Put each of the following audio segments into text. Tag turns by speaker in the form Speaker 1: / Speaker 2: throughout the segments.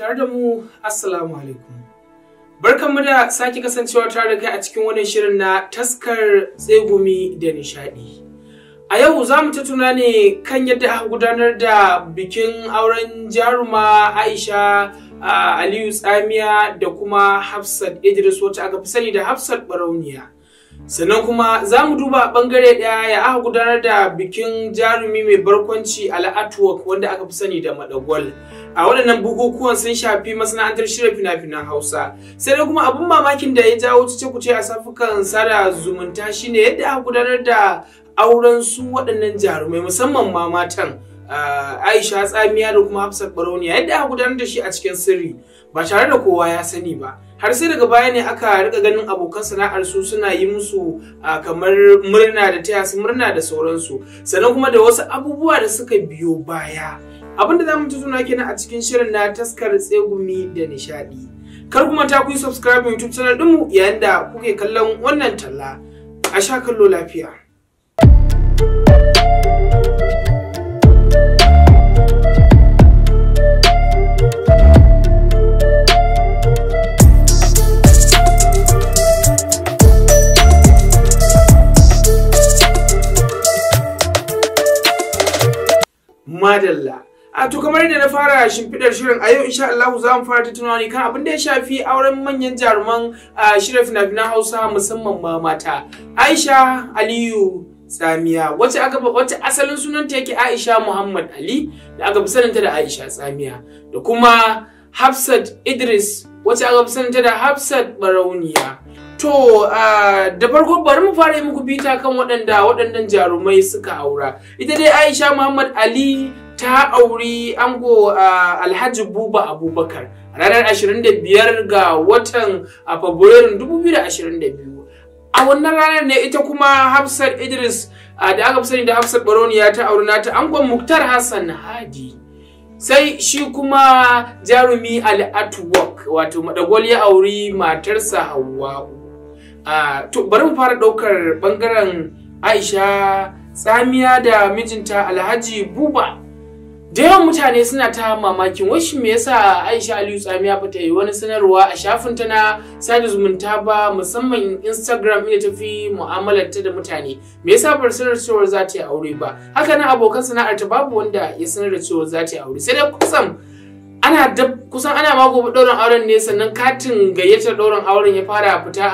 Speaker 1: tare da mu assalamu alaikum mu da sake kasancewa tare da kai a cikin wannan shirin na taskar tsegumi da nishadi a yau za mu tattuna ne kan yadda aka gudanar da bikin auren jaruma aisha ah, aliyu tsamiya da kuma hafsat idris wacce aka fi sani da hafsat barauniya sannan kuma za mu duba bangare ɗaya ya aka gudanar da bikin jarumi mai barkwanci a artwork wanda aka fi sani da madagwal a waɗannan bukukuwan sun shafi masana'antar shirya fina-finan hausa sai dai kuma abin mamakin da ya jawo cice kuce a safukan sada zumunta shine yadda aka gudanar da auren su waɗannan jarumai musamman ma matan aisha tsamiya da kuma hafsat barauniya yadda aka gudanar da shi a cikin sirri ba tare da kowa ya sani ba har sai daga baya ne aka rika ganin abokan sana'ar su suna yi musu ah, kamar murna da taya su murna da sauransu sannan kuma da wasu abubuwa da suka biyo baya abin da zamu tattauna kenan a cikin shirin na taskar tsegumi da nishadi kar kuma ta ku yi subscribe youtube channel dinmu yayin da kuke kallon wannan talla a sha kallo lafiya madalla a to kamar yadda na fara shimfiɗar shirin a yau insha Allah za mu fara tattauna kan abin da ya shafi auren manyan jaruman shirin fina-finan Hausa musamman ma mata Aisha Aliyu Samiya wacce aka wacce asalin sunanta yake Aisha Muhammad Ali da aka fi da Aisha Samiya da kuma Hafsat Idris wacce aka fi da Hafsat Barauniya To, da farko bari mu fara yi muku bita kan waɗanda waɗannan jarumai suka aura. Ita dai Aisha Muhammad Ali ta auri ango Alhaji Buba Abubakar a ranar 25 ga watan Fabrairun 2022. A wannan ranar ne ita kuma Hafsat Idris da aka fi sani da Hafsat ya ta auri nata ango Muktar Hassan Hadi. sai shi kuma jarumi Atwok wato madagwal ya auri matarsa Hauwa. to bari mu fara ɗaukar ɓangaren aisha tsamiya da mijinta alhaji buba da yawan mutane suna ta mamakin wasu me yasa aisha aliyu tsamiya ba ta yi wani sanarwa a shafin ta na sada zumunta ba musamman instagram inda ta fi mu'amalar ta da mutane me yasa ba sanar cewa za ta yi aure ba haka nan abokan sana'arta, babu wanda ya sanar da cewa za ta yi aure sai dai kusan ana dab kusan ana ma gobe ɗaurin auren ne sannan katin gayyatar ɗaurin auren ya fara fita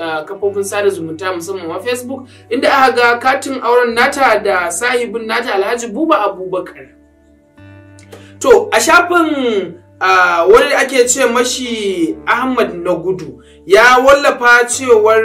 Speaker 1: a kafofin sada zumunta musamman ma facebook inda aka ga katin auren nata da sahibin nata alhaji buba abubakar to a shafin wani ake ce mashi ahmad na gudu ya wallafa cewar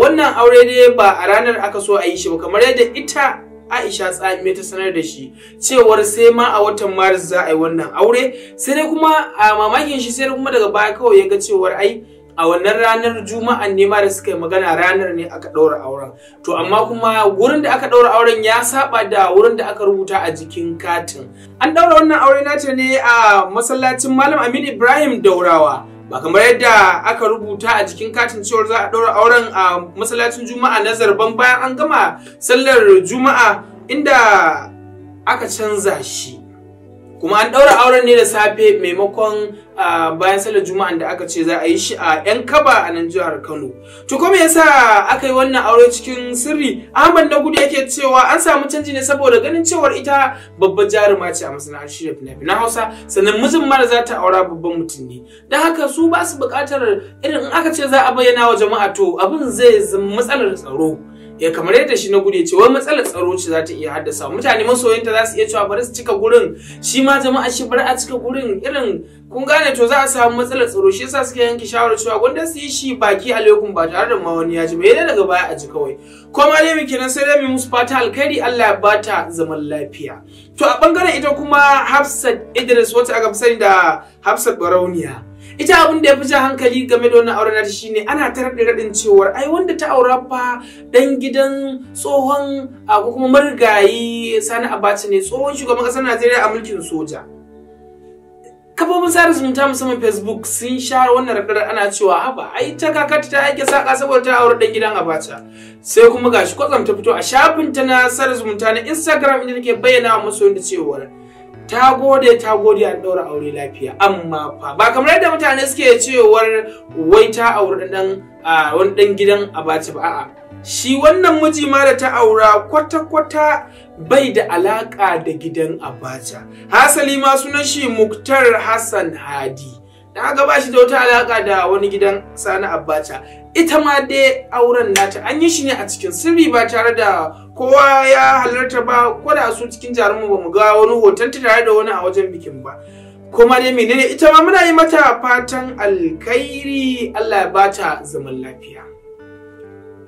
Speaker 1: wannan aure ne ba a ranar aka so a yi shi ba kamar yadda ita Aisha tsamiya ta sanar da shi cewar sai ma a watan Maris za a yi wannan aure sai dai kuma a mamakin shi sai kuma daga baya kawai ya ga cewar ai a wannan ranar juma'an ne ma da suka yi magana ranar ne aka ɗaura auren to amma kuma wurin da aka ɗaura auren ya saba da wurin da aka rubuta a jikin katin an ɗaura wannan aure nata ne a masallacin malam Aminu ibrahim daurawa ba kamar yadda aka rubuta a jikin katin cewar za a ɗaura auren a masallacin juma'a na zarban bayan an gama sallar juma'a inda aka canza shi kuma an ɗaura auren ne da safe maimakon bayan salla juma'an da aka ce za a yi shi a yan kaba a nan jihar kano to kuma yasa aka yi wannan aure cikin sirri ahmad na gudu yake cewa an samu canji ne saboda ganin cewar ita babbar jaruma ce a masana'ar shirya fina-finan hausa sannan mijin mara za ta aura babban mutum ne don haka su ba su buƙatar irin in aka ce za a bayyana wa jama'a to abin zai zama matsalar tsaro ya kamar yadda shi na gudu ce wai matsalar tsaro ce za ta iya haddasa mutane masoyanta za su iya cewa bari su cika gurin shi ma jama'a shi bari a cika gurin irin kun gane to za a samu matsalar tsaro shi yasa suke yanke shawarar cewa gwanda su yi shi baki alaikum ba tare da ma wani ya ji ba yana daga baya a ji kawai ma dai muke nan sai dai mu musu fata alkhairi Allah ya bata zaman lafiya to a bangaren ita kuma Hafsat Idris wacce aka fi sani da Hafsat Barauniya ita abin da ya fi hankali game da wannan auren shi shine ana tarar da radin cewar ai wanda ta aura fa dan gidan tsohon ko kuma marigayi Sani Abacha ne tsohon shugaban ƙasar Najeriya a mulkin soja kafofin sada zumunta musamman facebook sun sha wannan raɗaɗar ana cewa haba ai ta kakata ta aike saka saboda ta aura dan gidan abacha sai kuma gashi kwatsam ta fito a shafin ta na sada zumunta na instagram inda nake bayyana wa masoyin da cewar ta gode ta gode an ɗaura aure lafiya amma fa ba kamar yadda mutane suke cewar wai ta auri dan wani dan gidan abaci ba a'a shi wannan miji ma da ta aura kwata-kwata bai da alaka da gidan abacha hasali ma sunan shi muktar hassan hadi da aka ba shi da wata alaka da wani gidan sani abacha ita ma dai auren nata an yi shi ne a cikin sirri ba tare da kowa ya halarta ba ko da su cikin jarumin ba mu ga wani hoton ta tare da wani a wajen bikin ba kuma dai menene ita ma muna yi mata fatan alkhairi Allah ya bata zaman lafiya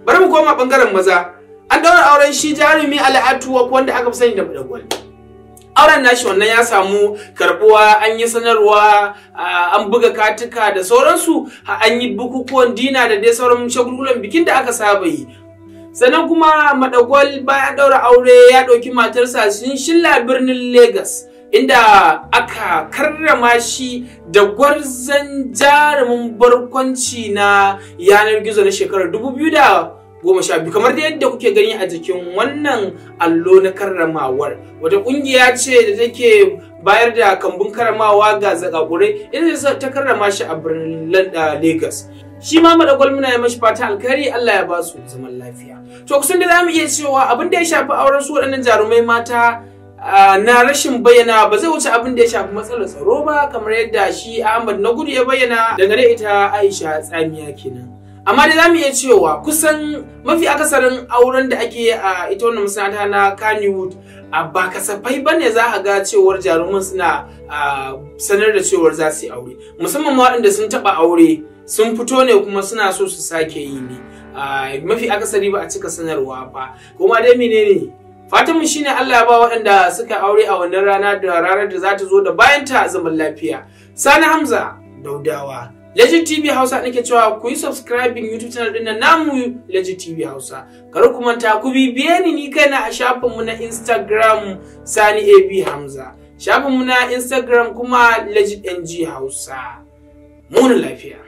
Speaker 1: bari mu koma bangaren maza an daura auren shi jarumi al'atu wanda aka fi sani da madagwal auren nashi wannan ya samu karbuwa an yi sanarwa an buga katuka da sauransu an yi bukukuwan dina da dai sauran shagulgulan bikin da aka saba yi sannan kuma madagol bayan daura aure ya ɗauki matarsa sun shilla birnin Legas. inda aka karrama shi da gwarzon jarumin barkwanci na yanar gizo na shekarar 2000 goma sha biyu kamar da yadda kuke gani a jikin wannan allo na karramawar wata kungiya ce da take bayar da kambun karramawa ga ita ce ta karrama shi a birnin lagos shi ma madagwal muna yi mashi fata alkhairi Allah ya ba su zaman lafiya to kusan da zamu iya cewa abin da ya shafi auren su waɗannan jarumai mata na rashin bayyana ba zai wuce abin da ya shafi matsalar tsaro ba kamar yadda shi Ahmad na gudu ya bayyana dangane ita Aisha tsamiya kenan amma dai zamu iya cewa kusan mafi akasarin auren da ake a ita wannan masana'anta na Kannywood ba kasafai bane za a ga cewar jaruman suna sanar da cewar za su yi aure musamman ma waɗanda sun taɓa aure sun fito ne kuma suna so su sake yi ne mafi akasari ba a cika sanarwa ba kuma dai menene fatanmu shine Allah ya ba waɗanda suka aure a wannan rana da ranar da za ta zo da bayan ta zaman lafiya sani Hamza Daudawa Legit TV Hausa nake cewa ku yi subscribing YouTube channel din nan namu Legit TV Hausa. Kar ku manta ku bibiye ni ni kaina a shafin mu na Instagram Sani AB Hamza. Shafin mu na Instagram kuma Legit NG Hausa. Mun lafiya.